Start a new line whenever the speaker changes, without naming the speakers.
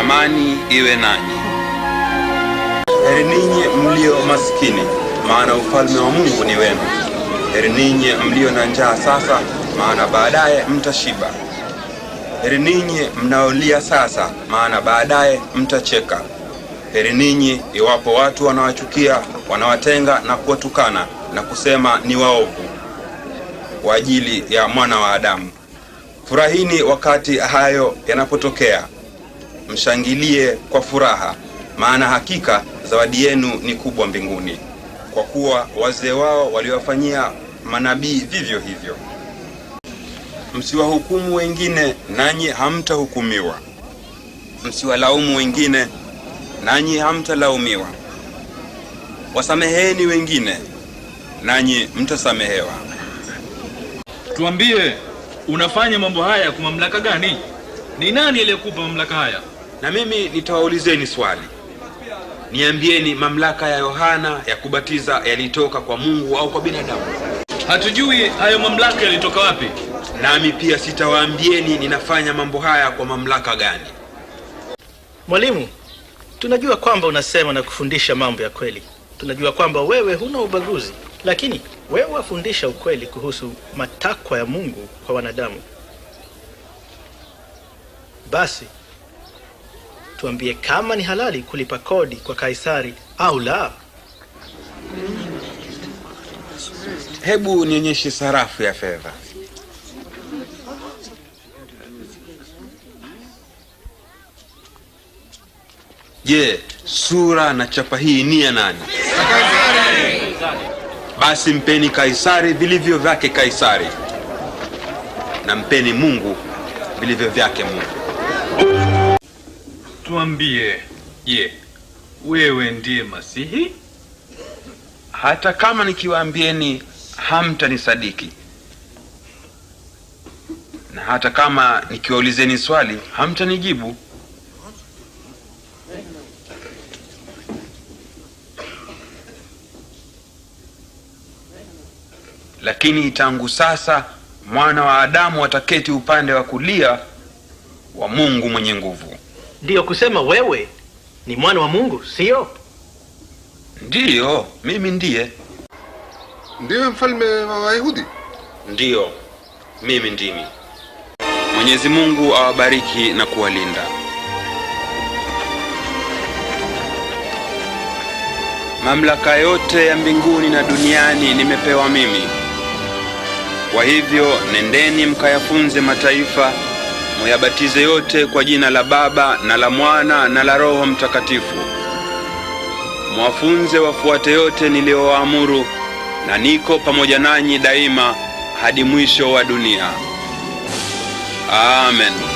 Amani iwe nanyi. Heri ninyi mlio maskini, maana ufalme wa Mungu ni wenu. Heri ninyi mlio na njaa sasa, maana baadaye mtashiba. Heri ninyi mnaolia sasa, maana baadaye mtacheka. Heri ninyi iwapo watu wanawachukia, wanawatenga na kuwatukana na kusema ni waovu kwa ajili ya mwana wa Adamu. Furahini wakati hayo yanapotokea, mshangilie kwa furaha, maana hakika zawadi yenu ni kubwa mbinguni, kwa kuwa wazee wao waliwafanyia manabii vivyo hivyo. Msiwahukumu wengine, nanyi hamtahukumiwa; msiwalaumu wengine, nanyi hamtalaumiwa. Wasameheni wengine, nanyi mtasamehewa.
Tuambie, unafanya mambo haya kwa mamlaka gani? Ni nani aliyekupa mamlaka haya?
Na mimi nitawaulizeni swali, niambieni, mamlaka ya Yohana ya kubatiza yalitoka kwa Mungu au kwa binadamu?
Hatujui hayo mamlaka yalitoka wapi,
nami pia sitawaambieni ninafanya mambo haya kwa mamlaka gani.
Mwalimu, tunajua kwamba unasema na kufundisha mambo ya kweli, tunajua kwamba wewe huna ubaguzi, lakini wewe wafundisha ukweli kuhusu matakwa ya Mungu kwa wanadamu. Basi tuambie kama ni halali kulipa kodi kwa Kaisari au la.
Hebu nionyeshe sarafu ya fedha. Je, sura na chapa hii ni ya nani? Basi mpeni Kaisari vilivyo vyake Kaisari, na mpeni Mungu vilivyo vyake Mungu.
Tuambie, je, wewe ndiye Masihi?
Hata kama nikiwaambieni hamtanisadiki, na hata kama nikiwaulizeni swali hamtanijibu. Lakini tangu sasa mwana wa Adamu ataketi upande wa kulia wa Mungu mwenye nguvu
ndiyo kusema wewe ni mwana wa Mungu, sio
ndiyo? Mimi ndiye.
Ndiwe mfalme wa Wayahudi?
Ndiyo, mimi ndimi. Mwenyezi Mungu awabariki na kuwalinda. Mamlaka yote ya mbinguni na duniani nimepewa mimi. Kwa hivyo nendeni mkayafunze mataifa muyabatize yote kwa jina la Baba na la Mwana na la Roho Mtakatifu. Mwafunze wafuate yote niliyowaamuru, na niko pamoja nanyi daima hadi mwisho wa dunia. Amen.